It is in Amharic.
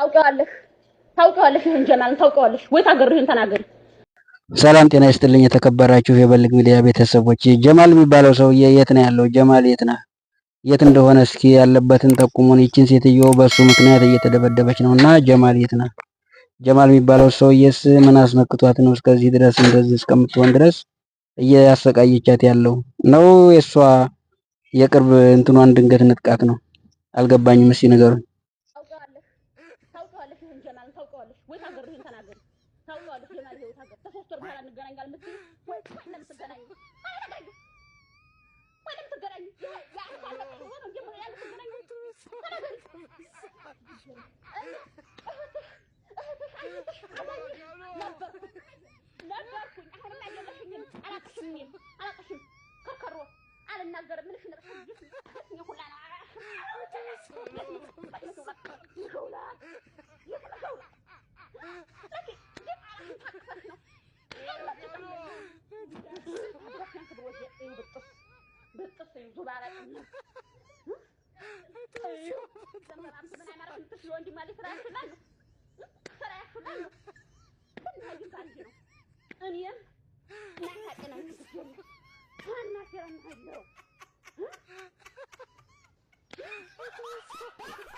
ታውቀዋለህ ታውቀዋለህ ይህን ጀማልን ታውቀዋለህ ወይ? ታገሩ ይህን ሰላም ጤና ይስጥልኝ። የተከበራችሁ የበልግ ሚዲያ ቤተሰቦች ጀማል የሚባለው ሰውዬ የት ነው ያለው? ጀማል የት ነው የት እንደሆነ እስኪ ያለበትን ጠቁሙን። ይችን ሴትዮ በሱ ምክንያት እየተደበደበች ነው እና ጀማል የት ነው? ጀማል የሚባለው ሰውዬስ ምን አስመክቷት ነው እስከዚህ ድረስ እንደዚህ እስከምትሆን ድረስ እያሰቃየቻት ያለው ነው? የእሷ የቅርብ እንትኗን ድንገት ንጥቃት ነው? አልገባኝም። እስኪ ንገሩኝ። ማለት ታውቀዋለሽ ወይ? ታገርሽን ተናገር ታውቀዋለሽ ለማለት ነው። ታገር ከሶስት ወር በኋላ እንገናኛለን የምትይው ወይ ቆይ ለምትገናኙ አላደረገ ወይ ነው ጀምሮ ተናገር አልናገርም ምንሽ ነጥሽ ሁላ ብጥስ እዩ ዙብ እኔም